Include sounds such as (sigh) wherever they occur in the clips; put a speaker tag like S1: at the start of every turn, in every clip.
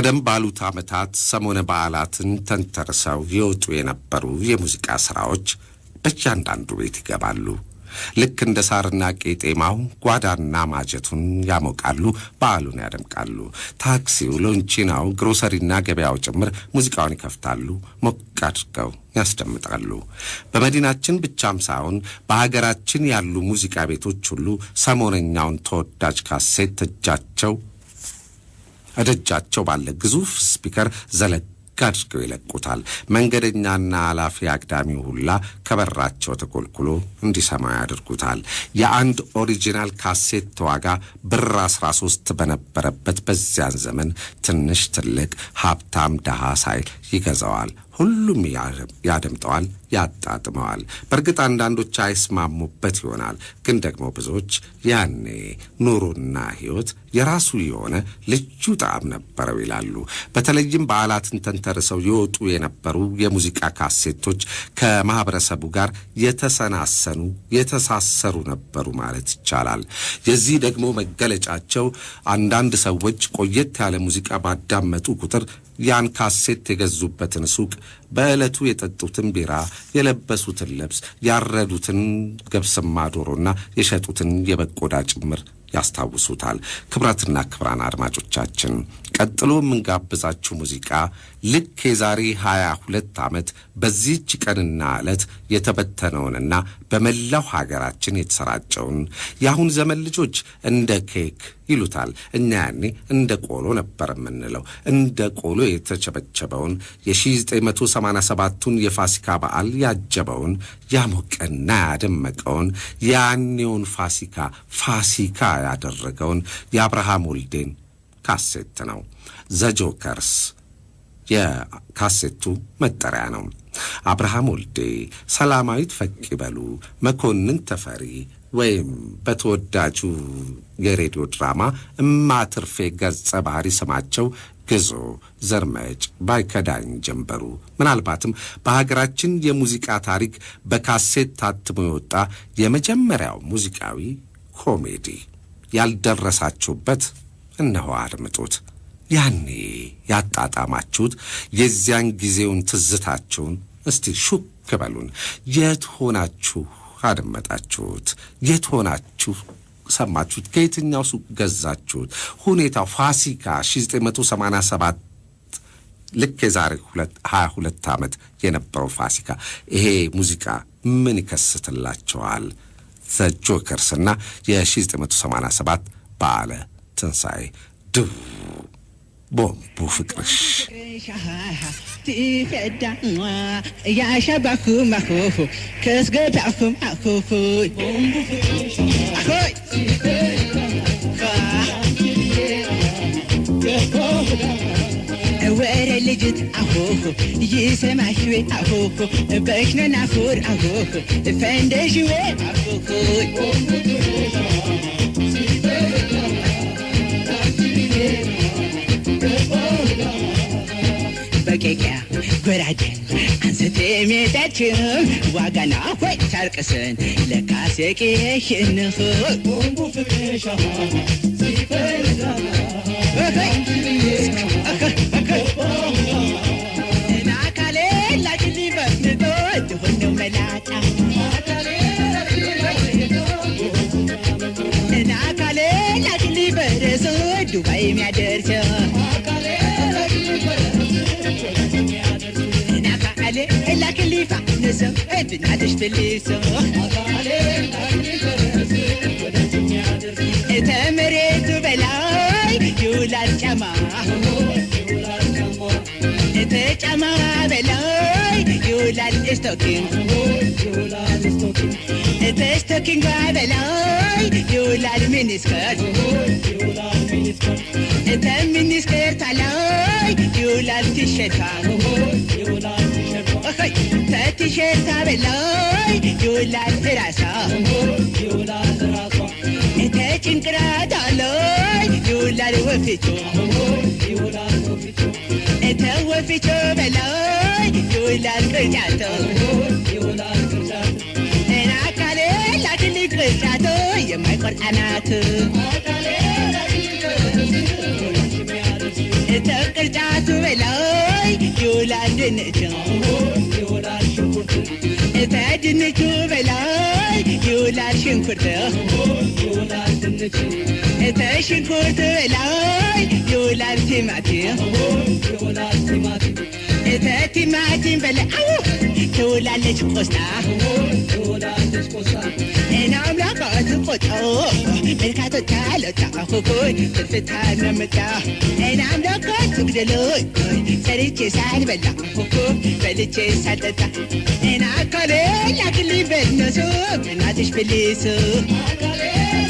S1: ቀደም ባሉት ዓመታት ሰሞነ በዓላትን ተንተርሰው የወጡ የነበሩ የሙዚቃ ሥራዎች በእያንዳንዱ ቤት ይገባሉ። ልክ እንደ ሳርና ቄጤማው ጓዳና ማጀቱን ያሞቃሉ፣ በዓሉን ያደምቃሉ። ታክሲው፣ ሎንቺናው፣ ግሮሰሪና ገበያው ጭምር ሙዚቃውን ይከፍታሉ፣ ሞቅ አድርገው ያስደምጣሉ። በመዲናችን ብቻም ሳይሆን በሀገራችን ያሉ ሙዚቃ ቤቶች ሁሉ ሰሞነኛውን ተወዳጅ ካሴት እጃቸው እደጃቸው ባለ ግዙፍ ስፒከር ዘለግ አድርገው ይለቁታል። መንገደኛና ኃላፊ አግዳሚው ሁላ ከበራቸው ተኮልኩሎ እንዲሰማ ያደርጉታል። የአንድ ኦሪጂናል ካሴት ዋጋ ብር ሶስት በነበረበት በዚያን ዘመን ትንሽ ትልቅ፣ ሀብታም ደሃ ሳይል ይገዛዋል። ሁሉም ያደምጠዋል፣ ያጣጥመዋል። በእርግጥ አንዳንዶች አይስማሙበት ይሆናል። ግን ደግሞ ብዙዎች ያኔ ኑሮና ሕይወት የራሱ የሆነ ልዩ ጣዕም ነበረው ይላሉ። በተለይም በዓላትን ተንተርሰው የወጡ የነበሩ የሙዚቃ ካሴቶች ከማኅበረሰቡ ጋር የተሰናሰኑ የተሳሰሩ ነበሩ ማለት ይቻላል። የዚህ ደግሞ መገለጫቸው አንዳንድ ሰዎች ቆየት ያለ ሙዚቃ ባዳመጡ ቁጥር ያን ካሴት የገዙበትን ሱቅ፣ በዕለቱ የጠጡትን ቢራ፣ የለበሱትን ልብስ፣ ያረዱትን ገብስማ ዶሮና የሸጡትን የበቆዳ ጭምር ያስታውሱታል። ክብረትና ክብራን አድማጮቻችን ቀጥሎ የምንጋብዛችሁ ሙዚቃ ልክ የዛሬ 22 ዓመት በዚህች ቀንና ዕለት የተበተነውንና በመላው ሀገራችን የተሰራጨውን የአሁን ዘመን ልጆች እንደ ኬክ ይሉታል። እኛ ያኔ እንደ ቆሎ ነበር የምንለው። እንደ ቆሎ የተቸበቸበውን የ1987ቱን የፋሲካ በዓል ያጀበውን ያሞቀና ያደመቀውን ያኔውን ፋሲካ ፋሲካ ያደረገውን የአብርሃም ወልዴን ካሴት ነው። ዘጆከርስ የካሴቱ መጠሪያ ነው። አብርሃም ወልዴ፣ ሰላማዊት ፈቅ ይበሉ፣ መኮንን ተፈሪ ወይም በተወዳጁ የሬዲዮ ድራማ እማትርፌ ገጸ ባህሪ ስማቸው ግዞ ዘርመጭ ባይከዳኝ ጀንበሩ ምናልባትም በሀገራችን የሙዚቃ ታሪክ በካሴት ታትሞ የወጣ የመጀመሪያው ሙዚቃዊ ኮሜዲ ያልደረሳችሁበት እነሆ አድምጡት። ያኔ ያጣጣማችሁት የዚያን ጊዜውን ትዝታችሁን እስቲ ሹክ በሉን። የት ሆናችሁ አደመጣችሁት? የት ሆናችሁ ሰማችሁት? ከየትኛው ሱቅ ገዛችሁት? ሁኔታው ፋሲካ 1987 ልክ የዛሬ 22 ዓመት የነበረው ፋሲካ ይሄ ሙዚቃ ምን ይከስትላቸዋል? ዘ ጆከርስ እና የ1987 በዓለ ትንሣኤ ድቡ ቦምቡ
S2: ፍቅርሽ تيخدا يا شبكو مخوفو كس قطعكم أخوفو أخوي ورا لجت أخوكو يسمع شوي أخوكو بكنا نافور أخوكو فندشوي أخوكو ብራዴን አንስቴ ሜዳችን ዋጋና ሆይ ታርቅስን ለካሴቄሽንኽ ዱባይ የሚያደርሰው ليسم الدنيا عدشت ليسم تمريت بلاي يولا الجما تجما بلاي يولا الاستوكين تشتوكين بلاي يولا المينيسكت تمينيسكت علي يولا التيشيرت يولا التيشيرت ሸታ በላይ ይውላል እተ እተጭንቅላት አለይ ይውላል ወፍጮ እተ ወፍጮ በላይ ይውላል ቅርጫቶ እናካሌ ላትልቅ ቅርጫቶ የማይቆርጥ እተ ቅርጫቱ በላይ ይውላል ድንጭ ከድንቹ በላይ ይውላል ሽንኩርት ከሽንኩርት በላይ ይውላል ቲማቲም ከቲማቲም በላይ la leche costa. En amla gazi kota. Mercado talo tahu koy. Tete tana meta. En amla gazi gdelo. Seri çesar bela. Hoko beli çesar da. En akale yakli belnosu. Ben ateş belisu. Akale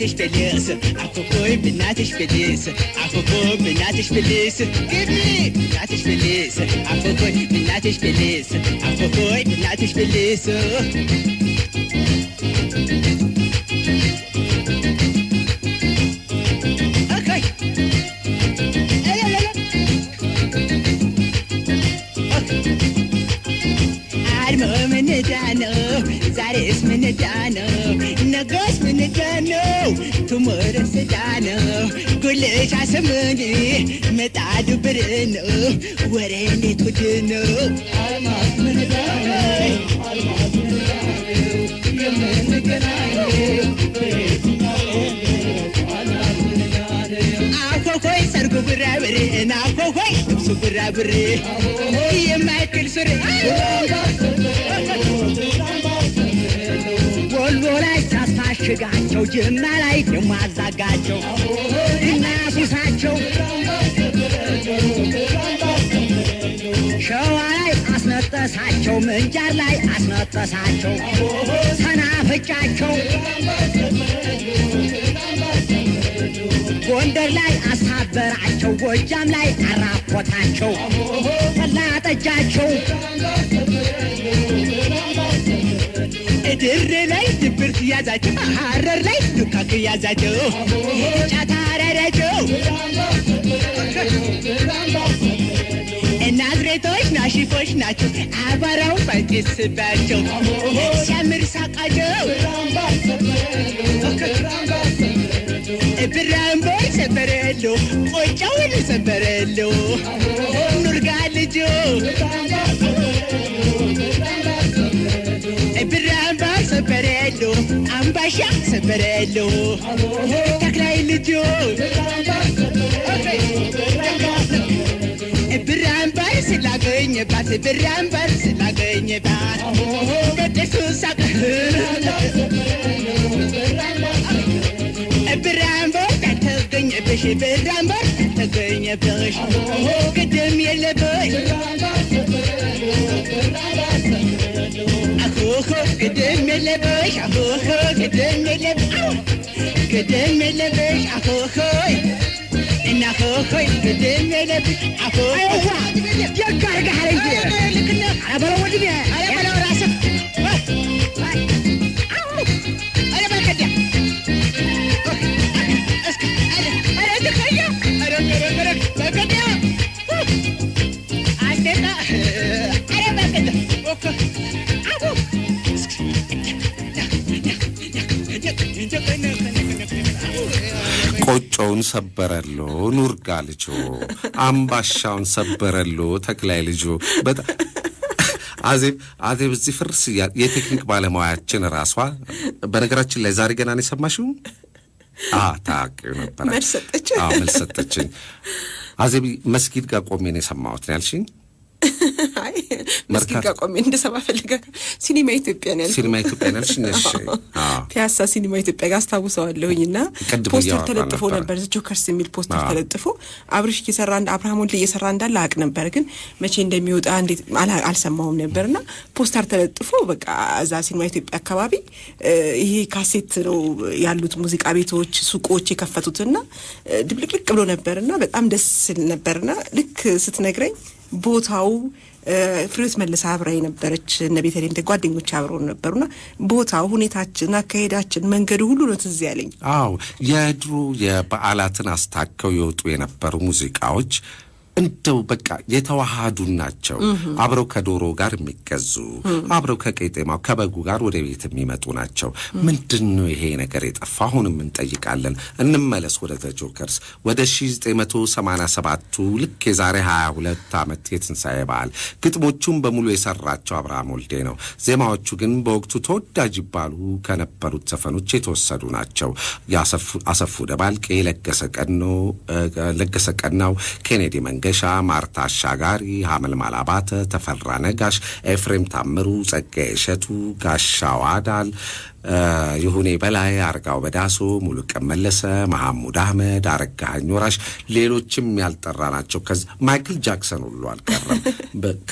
S2: not feliz. Apropos, bin not feliz. Apropos, bin binata feliz. Give me, binata not A Apropos, bin not feliz. Apropos, bin not Okay. Hey, hey, hey. Okay. I'm a minute, I know that is minute, I know. ደስታ ነው ጉልሻ ስምኝ ምጣዱ ብር ነው ወሬ እንዴት ውድ ነው አኮኮይ ሰርጉ ቡራብሬ ናኮኮይ ላይ ጅማ ላይ የማዛጋቸው እና ሱሳቸው ሸዋ ላይ አስነጠሳቸው፣ ምንጃር ላይ አስነጠሳቸው፣ ሰናፍጫቸው ጎንደር ላይ አሳበራቸው፣ ጎጃም ላይ አራኮታቸው፣ ጠላጠጃቸው እድር ላይ ድብርት ያዛቸው፣ ሀረር ላይ ዱካክ ያዛቸው፣ ጫታ አራዳቸው ናዝሬቶች ናሽፎች ናቸው። አባራው ባይጤስባቸው ሲያምር ሳቃቸው ብራምቦይ ሰበረሎ ቆጫውን ሰበረሎ ኑርጋ ልጆ ሄዶ አምባሻ ሰበረሎ ተክላይ ልጆ ብር አምባር ስላገኘባት ብር አምባር ስላገኘባት በደሱ ሳቅ ብር አምባር ተገኘብሽ ብር ተገኘብሽ ቅድም የለ كدم لبش أخوخو كدم لبش كدم لبش أخوخوي إن أخوخوي كدم لبش أخوخوي يا كارك حريجي على بلا ودي بيها على بلا راسك
S1: ጮውን ሰበረሎ ኑርጋ ልጆ አምባሻውን ሰበረሎ ተክላይ ልጆ በጣም አዜብ አዜብ እዚህ ፍርስ የቴክኒክ ባለሙያችን ራሷ በነገራችን ላይ ዛሬ ገና ነው የሰማሽው። ታውቂው ነበረ መልስ ሰጠችኝ። አዜብ መስጊድ ጋር ቆሜ ነው የሰማሁት ያልሽኝ።
S3: መስጊድ ጋር ቆሜ እንደሰማ ፈልጋ ሲኒማ ኢትዮጵያ ነው
S1: ሲኒማ ኢትዮጵያ ነው ሽነሽ
S3: ፒያሳ ሲኒማ ኢትዮጵያ ጋር አስታውሰዋለሁኝ። እና ፖስተር ተለጥፎ ነበር፣ ጆከርስ የሚል ፖስተር ተለጥፎ አብርሽ እየሰራ አብርሃም ወልድ እየሰራ እንዳለ አቅ ነበር፣ ግን መቼ እንደሚወጣ እንዴት አልሰማውም ነበር። እና ፖስተር ተለጥፎ በቃ እዛ ሲኒማ ኢትዮጵያ አካባቢ ይሄ ካሴት ነው ያሉት ሙዚቃ ቤቶች፣ ሱቆች የከፈቱትና ድብልቅልቅ ብሎ ነበር። ነበርና በጣም ደስ ስል ነበርና ልክ ስትነግረኝ ቦታው ፍሬዎት መለሰ አብራ የነበረች እነ ቤተልሔም ጓደኞች አብረውን ነበሩና ቦታው፣ ሁኔታችን፣ አካሄዳችን፣ መንገዱ ሁሉ ነው ትዝ ያለኝ።
S1: አዎ የድሮ የበዓላትን አስታከው የወጡ የነበሩ ሙዚቃዎች እንደው በቃ የተዋሃዱ ናቸው። አብረው ከዶሮ ጋር የሚገዙ አብረው ከቄጤማው ከበጉ ጋር ወደ ቤት የሚመጡ ናቸው። ምንድን ነው ይሄ ነገር የጠፋ? አሁንም እንጠይቃለን። እንመለስ ወደ ተጆከርስ ወደ 1987ቱ ልክ የዛሬ 22 ዓመት የትንሣኤ በዓል ግጥሞቹን በሙሉ የሰራቸው አብርሃም ወልዴ ነው። ዜማዎቹ ግን በወቅቱ ተወዳጅ ይባሉ ከነበሩት ዘፈኖች የተወሰዱ ናቸው። አሰፉ ደባልቄ፣ ለገሰ ቀናው፣ ኬኔዲ መንገ መንገሻ፣ ማርታ አሻጋሪ፣ ሐመልማል አባተ፣ ተፈራ ነጋሽ፣ ኤፍሬም ታምሩ፣ ጸጋዬ እሸቱ፣ ጋሻው አዳል ይሁኔ በላይ፣ አርጋው በዳሱ፣ ሙሉቀን መለሰ፣ መሐሙድ አህመድ፣ አረጋኸኝ ወራሽ፣ ሌሎችም ያልጠራ ናቸው። ማይክል ጃክሰን ሁሉ አልቀረም።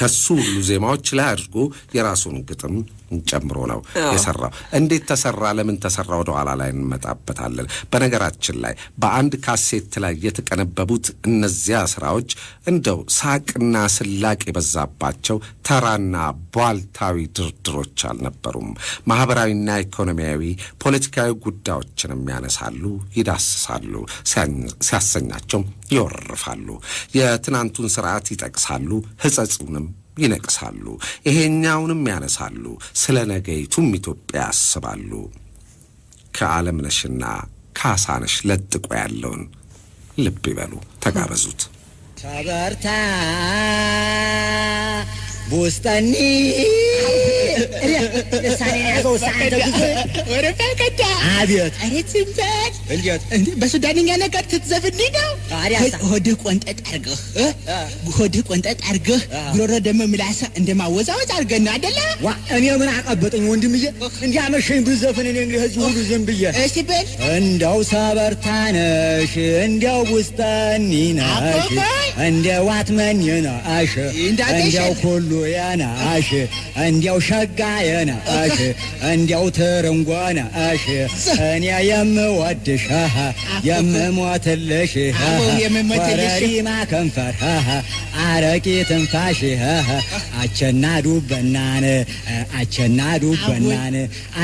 S1: ከሱ ሁሉ ዜማዎች ላይ አድርጎ የራሱን ግጥም ጨምሮ ነው የሰራው። እንዴት ተሰራ? ለምን ተሰራ? ወደ ኋላ ላይ እንመጣበታለን። በነገራችን ላይ በአንድ ካሴት ላይ የተቀነበቡት እነዚያ ስራዎች እንደው ሳቅና ስላቅ የበዛባቸው ተራና ቧልታዊ ድርድሮች አልነበሩም። ማህበራዊና ኢኮኖሚያዊ፣ ፖለቲካዊ ጉዳዮችንም ያነሳሉ፣ ይዳስሳሉ፣ ሲያሰኛቸው ይወርፋሉ። የትናንቱን ስርዓት ይጠቅሳሉ፣ ህጸጹንም ይነቅሳሉ፣ ይሄኛውንም ያነሳሉ፣ ስለ ነገይቱም ኢትዮጵያ ያስባሉ። ከዓለምነሽና ካሳነሽ ለጥቆ ያለውን ልብ ይበሉ፣ ተጋበዙት።
S2: ቡስጠኒ እሳኔ ያዘው ሰዓተ ጊዜ ወደ ፈቀዳ አቤት አሬ ትንበር እንዴት እንዴ በሱዳንኛ ነገር ትዘፍንልኝ ነው? ታዲያ ሆድህ ቆንጠጥ አድርገህ ሆድህ ቆንጠጥ አድርገህ ጉሮሮ ደግሞ ምላሳ እንደማወዛወዝ አድርገህ ነው አይደለ?
S1: ዋ እኔ ምን አቀበጠኝ ወንድምዬ፣ እንዲያመሸኝ ብዘፍን እኔ እንግዲህ እዚህ ሁሉ ዝም ብዬ እሺ በል። እንደው ሰበርታነሽ እንደው ቡስጠኒ ነሽ እንደው አትመኝ ነሽ እንደው ኩሉ የነሽ እንደው ሸጋ የነሽ እንደው ትርንጎ ነሽ እኔ የምወድ ልብስሽ የምሞትልሽ ኮረሪማ ከንፈር አረቂ ትንፋሽ አቸናዱ በናን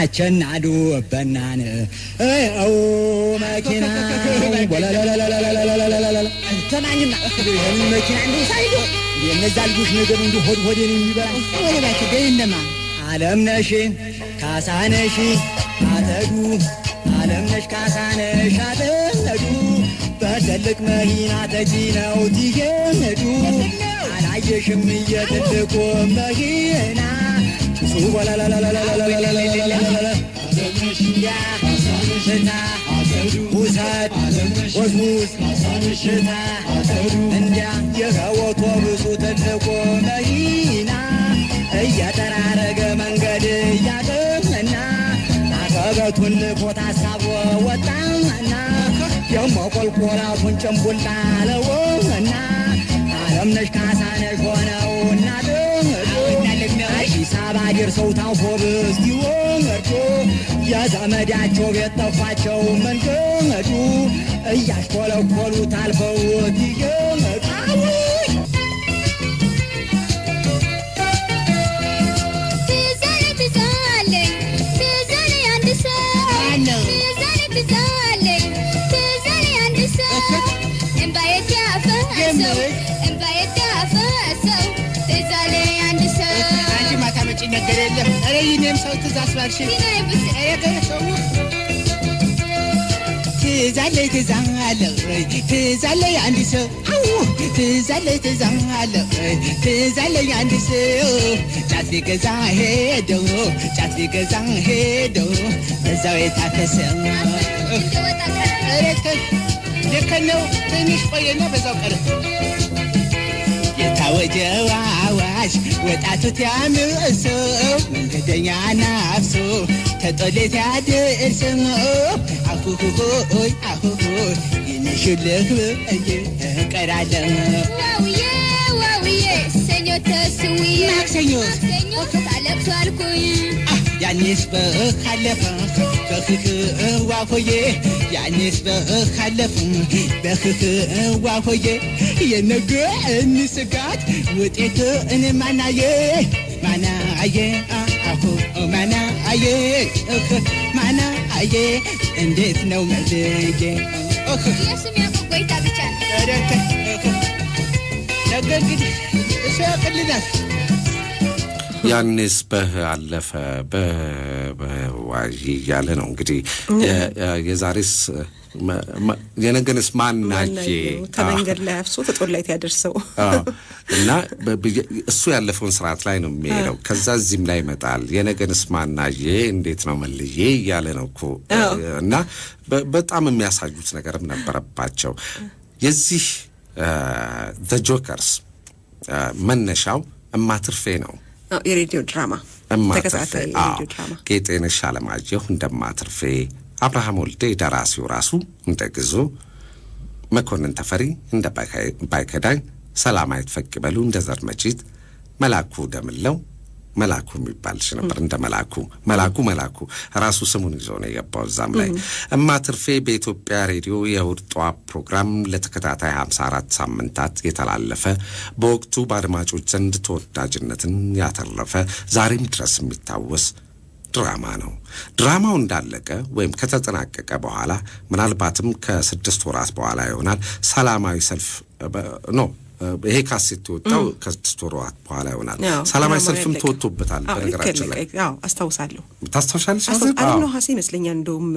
S1: አቸናዱ በናን መኪና አለምነሽ ካሳነሽ አለምነሽ ካሳ ትልቅ መኪና ተጭነው ሲሄዱ አላየሽም? የትልቁ መኪና ውሰድ ወስሙስ ሽታ እንዲያ የከወቶብሱ ትልቁ መኪና እየጠራረገ መንገድ እያቅምና አቀበቱን ቦታ ሳቦ ወጣ ኮርኮራቱን ጭንቡላ አለው እና አለምነሽ ካሳነሽ ሆነው እናት ደርሰው የዘመዳቸው ቤት ጠፋቸው መንገዱ እያሽኮለኮሉ ታልፈው
S2: እኔም ሰው ትዝ አስባልሽ ሰው ትዛለይ ትዛለ ትዛለይ አንድ ሰው ትዛለይ ትዛለ ትዛለይ አንድ ሰው ጫት ቢገዛ ሄደው ጫት ቢገዛ ሄደው እዛው የታከሰው ልክ ነው። ትንሽ ቆየና በዛው ቀረ የታወጀዋዋ አዳራሽ ወጣቱ ቲያምእሱ መንገደኛ ናፍሱ ተጦሌት ያድርስሙ አሁሁይ አሁሁ ይነሹልህ እንጂ እቀራለም ማክሰኞ ተለብሶ አልኩኝ ያኔስ በህ አለፈ በህህ ዋሆዬ ያኔስ በህ አለፈ በህህ ዋሆዬ የነገ እንስጋት ውጤት እንማናየ ማናየ አሁ ማናየ ማናየ እንዴት ነው መልጌ ጎይታ ብቻ ነገር እንግዲህ
S1: እሱ ያቅልናል ያኔስ በህ አለፈ በዋዥ እያለ ነው እንግዲህ የዛሬስ የነገንስ ማን ማናቼ
S3: ተመንገድ ላይ አፍሶ ተጦል ላይ ያደርሰው
S1: እና እሱ ያለፈውን ስርዓት ላይ ነው የሚሄደው። ከዛ እዚህም ላይ ይመጣል። የነገንስ ማን ማናዬ እንዴት ነው መልዬ እያለ ነው እኮ እና በጣም የሚያሳዩት ነገርም ነበረባቸው። የዚህ ዘ ጆከርስ መነሻው እማትርፌ ነው።
S3: የሬዲዮ ድራማ
S1: ተከታታይ የሬዲዮ አለማየሁ እንደማትርፌ፣ አብርሃም ወልዴ ደራሲው ራሱ እንደ ግዙ መኮንን ተፈሪ እንደ ባይከዳኝ፣ ሰላማዊት ፈቅ በሉ እንደ ዘርመጂት፣ መላኩ ደምለው መላኩ የሚባል ልጅ ነበር። እንደ መላኩ መላኩ መላኩ ራሱ ስሙን ይዞ ነው የገባው። እዛም ላይ ትርፌ በኢትዮጵያ ሬዲዮ የእሁድ ጠዋት ፕሮግራም ለተከታታይ 54 ሳምንታት የተላለፈ በወቅቱ በአድማጮች ዘንድ ተወዳጅነትን ያተረፈ ዛሬም ድረስ የሚታወስ ድራማ ነው። ድራማው እንዳለቀ ወይም ከተጠናቀቀ በኋላ ምናልባትም ከስድስት ወራት በኋላ ይሆናል ሰላማዊ ሰልፍ ኖ ይሄ ካሴት የወጣው ከስድስት ወር በኋላ ይሆናል። ሰላማዊ ሰልፍም ተወጥቶበታል። በነገራችን ላይ አስታውሳለሁ። ታስታውሻለሽ?
S3: አለም ነሐሴ ይመስለኛል እንደውም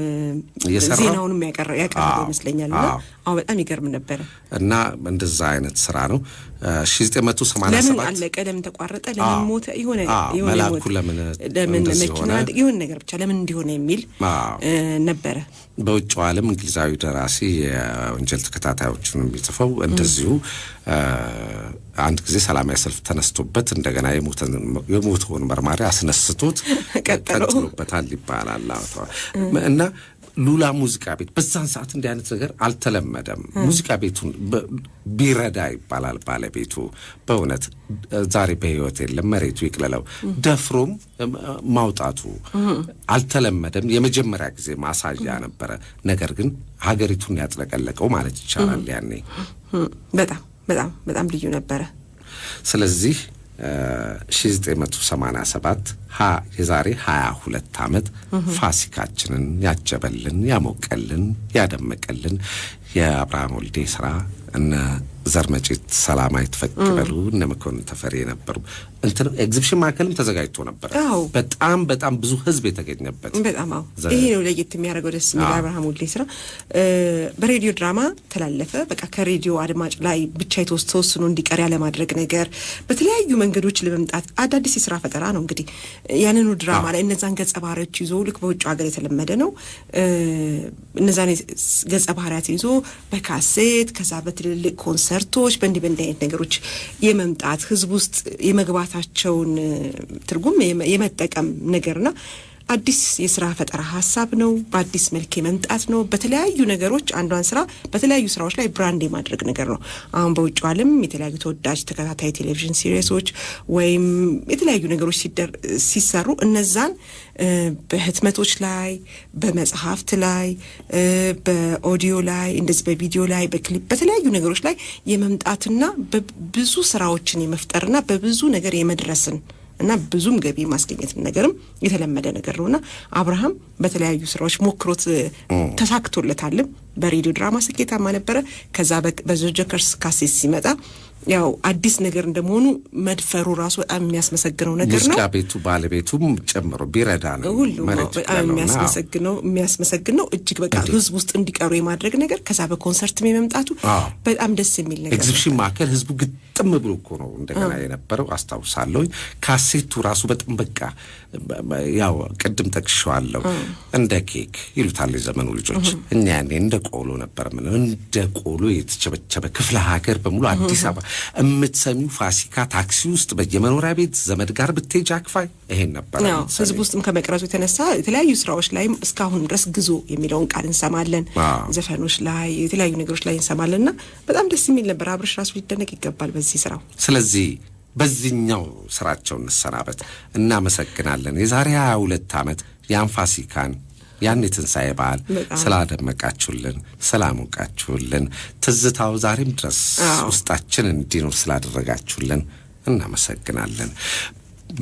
S3: ዜናውንም ያቀረበው ይመስለኛል። እና በጣም ይገርም ነበረ
S1: እና እንደዛ አይነት ስራ ነው። 1987 ለምን
S3: አለቀ? ተቋረጠ? ለምን ሞተ?
S1: ለምን ለምን መኪና
S3: ነገር ብቻ ለምን እንዲሆነ የሚል ነበረ።
S1: በውጭ ዓለም እንግሊዛዊ ደራሲ የወንጀል ተከታታዮችን የሚጽፈው እንደዚሁ አንድ ጊዜ ሰላማዊ ሰልፍ ተነስቶበት እንደገና የሞተውን መርማሪ አስነስቶት (laughs) ቀጥሎበታል ይባላል እና ሉላ ሙዚቃ ቤት በዛን ሰዓት እንዲህ አይነት ነገር አልተለመደም። ሙዚቃ ቤቱን ቢረዳ ይባላል ባለቤቱ። በእውነት ዛሬ በህይወት የለም፣ መሬቱ ይቅለለው። ደፍሮም ማውጣቱ አልተለመደም። የመጀመሪያ ጊዜ ማሳያ ነበረ። ነገር ግን ሀገሪቱን ያጥለቀለቀው ማለት ይቻላል። ያኔ
S3: በጣም በጣም በጣም ልዩ ነበረ።
S1: ስለዚህ ሰባት የዛሬ 22 ዓመት ፋሲካችንን ያጀበልን ያሞቀልን ያደመቀልን የአብርሃም ወልዴ ስራ እነ ዘርመጭት ሰላማ ፈቅበሉ እነ መኮንን ተፈሪ የነበሩ እንትን ኤግዚቢሽን ማዕከልም ተዘጋጅቶ ነበር። በጣም በጣም ብዙ ህዝብ የተገኘበት
S3: በጣም አዎ፣ ይሄ ነው ለየት የሚያደርገው ደስ የሚል አብርሃም ወልዴ ስራ። በሬዲዮ ድራማ ተላለፈ። በቃ ከሬዲዮ አድማጭ ላይ ብቻ የተወሰኑ እንዲቀር ያለማድረግ ነገር፣ በተለያዩ መንገዶች ለመምጣት አዳዲስ የስራ ፈጠራ ነው እንግዲህ ያንኑ ድራማ ላይ እነዛን ገጸ ባህሪያች ይዞ ልክ በውጭ ሀገር የተለመደ ነው። እነዛን ገጸ ባህሪያት ይዞ በካሴት ከዛ በትልልቅ ኮንሰርቶች በእንዲህ በእንዲህ አይነት ነገሮች የመምጣት ህዝብ ውስጥ የመግባታቸውን ትርጉም የመጠቀም ነገርና አዲስ የስራ ፈጠራ ሀሳብ ነው። በአዲስ መልክ የመምጣት ነው። በተለያዩ ነገሮች አንዷን ስራ በተለያዩ ስራዎች ላይ ብራንድ የማድረግ ነገር ነው። አሁን በውጭ ዓለም የተለያዩ ተወዳጅ ተከታታይ ቴሌቪዥን ሲሪየሶች ወይም የተለያዩ ነገሮች ሲሰሩ እነዛን በህትመቶች ላይ፣ በመጽሐፍት ላይ፣ በኦዲዮ ላይ፣ እንደዚህ በቪዲዮ ላይ፣ በክሊፕ በተለያዩ ነገሮች ላይ የመምጣትና በብዙ ስራዎችን የመፍጠርና በብዙ ነገር የመድረስን እና ብዙም ገቢ ማስገኘት ነገርም የተለመደ ነገር ነው እና አብርሃም በተለያዩ ስራዎች ሞክሮት ተሳክቶለታልም። በሬዲዮ ድራማ ስኬታማ ነበረ። ከዛ በዘ ጆከርስ ካሴት ሲመጣ ያው አዲስ ነገር እንደመሆኑ መድፈሩ ራሱ በጣም የሚያስመሰግነው
S1: ነገር ነው። ሙዚቃ ቤቱ ባለቤቱም ጨምሮ ቢረዳ ነው ሁሉ
S3: በጣም የሚያስመሰግነው የሚያስመሰግን ነው። እጅግ በቃ ህዝብ ውስጥ እንዲቀሩ የማድረግ ነገር ከዛ በኮንሰርት የመምጣቱ
S1: በጣም ደስ የሚል ነገር ኤግዚቢሽን ማዕከል ህዝቡ ግጥም ብሎ እኮ ነው እንደገና የነበረው አስታውሳለሁ። ካሴቱ ራሱ በጣም በቃ ያው ቅድም ጠቅሼዋለሁ። እንደ ኬክ ይሉታል የዘመኑ ልጆች። እኛ ያኔ እንደ ቆሎ ነበር ምንለው። እንደ ቆሎ የተቸበቸበ ክፍለ ሀገር በሙሉ አዲስ አበባ የምትሰሚው ፋሲካ ታክሲ ውስጥ በየመኖሪያ ቤት ዘመድ ጋር ብትሄጅ አክፋይ ይሄን ነበር።
S3: ህዝብ ውስጥም ከመቅረጹ የተነሳ የተለያዩ ስራዎች ላይም እስካሁን ድረስ ግዞ የሚለውን ቃል እንሰማለን። ዘፈኖች ላይ የተለያዩ ነገሮች ላይ እንሰማለን እና በጣም ደስ የሚል ነበር። አብርሽ ራሱ ሊደነቅ ይገባል በዚህ ስራው።
S1: ስለዚህ በዚህኛው ስራቸው እንሰናበት። እናመሰግናለን። የዛሬ ሁለት ዓመት ያን ፋሲካን ያን የትንሣኤ በዓል ስላደመቃችሁልን፣ ስላሞቃችሁልን፣ ትዝታው ዛሬም ድረስ ውስጣችን እንዲኖር ስላደረጋችሁልን እናመሰግናለን።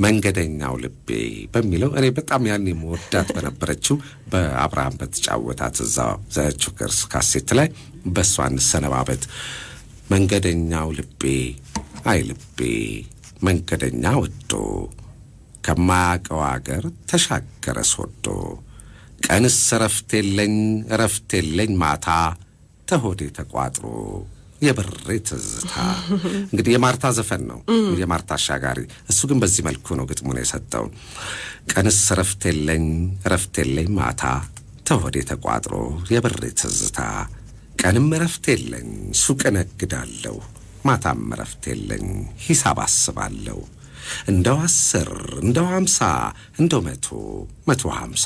S1: መንገደኛው ልቤ በሚለው እኔ በጣም ያን የመወዳት በነበረችው በአብርሃም በተጫወታት እዛ ዘቹክርስ ካሴት ላይ በእሷ እንሰነባበት። መንገደኛው ልቤ አይ ልቤ መንገደኛ ወዶ ከማያውቀው አገር ተሻገረስ ወዶ ቀንስ እረፍት የለኝ እረፍት የለኝ ማታ ተሆዴ ተቋጥሮ የብሬ ትዝታ። እንግዲህ የማርታ ዘፈን ነው፣ የማርታ አሻጋሪ። እሱ ግን በዚህ መልኩ ነው ግጥሙን የሰጠው። ቀንስ እረፍት የለኝ እረፍት የለኝ ማታ ተሆዴ ተቋጥሮ የብሬ ትዝታ። ቀንም እረፍት የለኝ ሱቅ እነግዳለሁ፣ ማታም እረፍት የለኝ ሂሳብ አስባለሁ እንደው አስር እንደው አምሳ እንደው መቶ መቶ ሀምሳ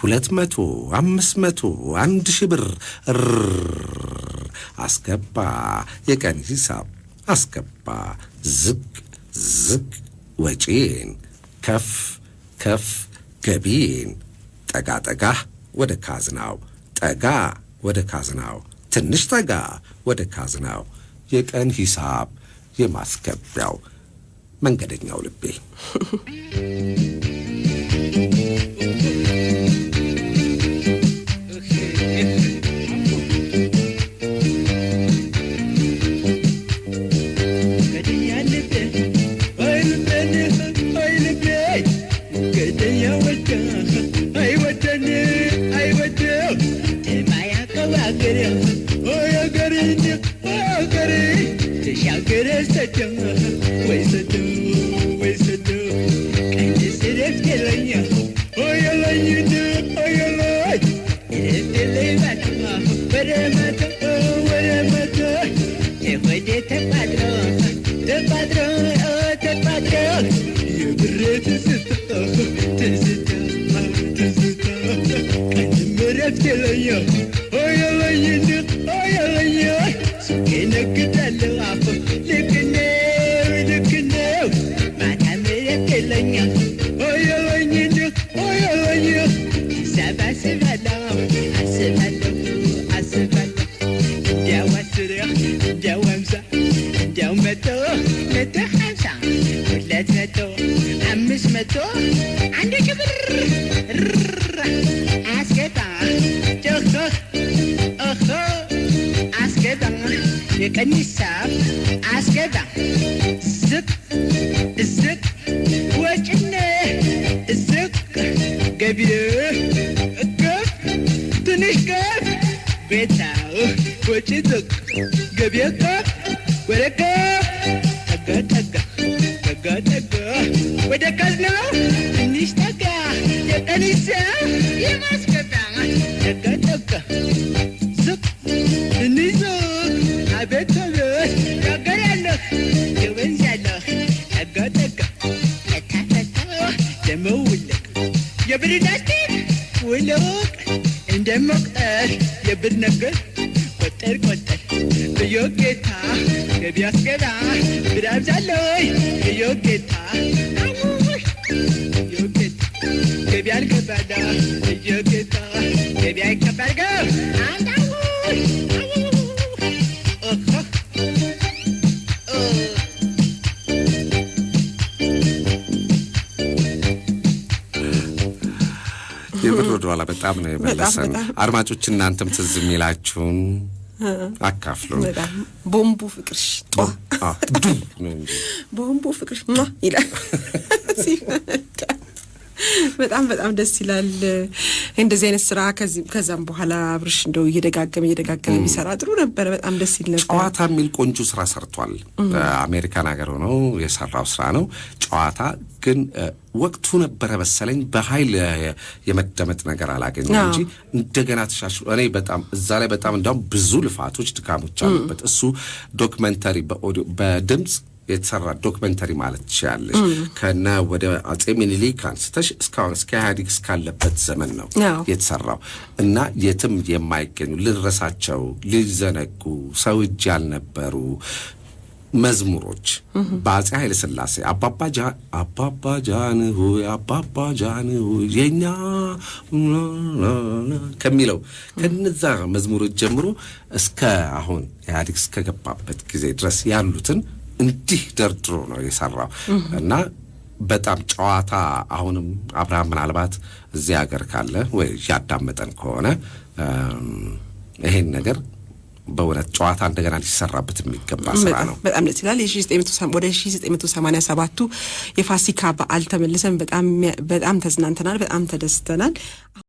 S1: ሁለት መቶ አምስት መቶ አንድ ሺህ ብር አስገባ። የቀን ሂሳብ አስገባ። ዝቅ ዝቅ ወጪን፣ ከፍ ከፍ ገቢን፣ ጠጋ ጠጋ ወደ ካዝናው፣ ጠጋ ወደ ካዝናው፣ ትንሽ ጠጋ ወደ ካዝናው። የቀን ሂሳብ የማስገቢያው መንገደኛው ልቤ
S2: ቀኒሳ አስገባ ዝቅ ዝቅ ወጭነ ዝቅ ገቢዬ እቅፍ ትንሽ ገብ ቤታው ወጪ ዝቅ ገቢዬ እቅፍ ወደ ጠጋ ጠጋ ጠጋ ጠጋ ወደ ከዝናው ትንሽ ጠጋ የቀኒሳ የማስገባ ጠጋ ጠጋ የብር ዳስቲ ውለውቅ እንደመቁጠር የብር ነገር ቆጠር ቆጠር ብዮ ጌታ ገቢ አስገባ ብር አብዛለይ ብዮ ጌታ ገቢ አልገባዳ ብዮ ጌታ ገቢ አይከባርገው
S1: የምር ኋላ በጣም ነው የመለሰን። አድማጮች እናንተም ትዝ የሚላችሁን አካፍሎ
S3: ቦምቡ ፍቅርሽ ቦምቡ ፍቅርሽ ይላል (laughs) ሲመጣ በጣም በጣም ደስ ይላል። እንደዚህ አይነት ስራ ከዛም በኋላ አብርሽ እንደው እየደጋገመ እየደጋገመ የሚሰራ ጥሩ ነበረ። በጣም ደስ ይል ነበር።
S1: ጨዋታ የሚል ቆንጆ ስራ ሰርቷል። በአሜሪካን ሀገር ሆነው የሰራው ስራ ነው ጨዋታ ግን ወቅቱ ነበረ መሰለኝ በኃይል የመደመጥ ነገር አላገኘ እንጂ እንደገና ተሻሽሎ እኔ በጣም እዛ ላይ በጣም እንዲያውም ብዙ ልፋቶች ድካሞች አሉበት። እሱ ዶክመንተሪ በኦዲዮ በድምፅ የተሰራ ዶክመንተሪ ማለት ትችላለች። ከነ ወደ አጼ ሚኒሊክ አንስተሽ እስካሁን እስከ ኢህአዴግ እስካለበት ዘመን ነው የተሰራው እና የትም የማይገኙ ልንረሳቸው፣ ሊዘነጉ ሰው እጅ ያልነበሩ መዝሙሮች በአፄ ኃይለ ሥላሴ አባባ ጃንሆይ አባባ ሆይ የኛ ከሚለው ከነዛ መዝሙሮች ጀምሮ እስከ አሁን ኢህአዴግ እስከገባበት ጊዜ ድረስ ያሉትን እንዲህ ደርድሮ ነው የሰራው እና በጣም ጨዋታ። አሁንም አብርሃም ምናልባት እዚህ ሀገር ካለ ወይ ያዳመጠን ከሆነ ይሄን ነገር በእውነት ጨዋታ እንደገና ሊሰራበት የሚገባ ስራ ነው።
S3: በጣም ደስ ይላል። ወደ 1987ቱ የፋሲካ በዓል ተመልሰን በጣም ተዝናንተናል፣ በጣም ተደስተናል።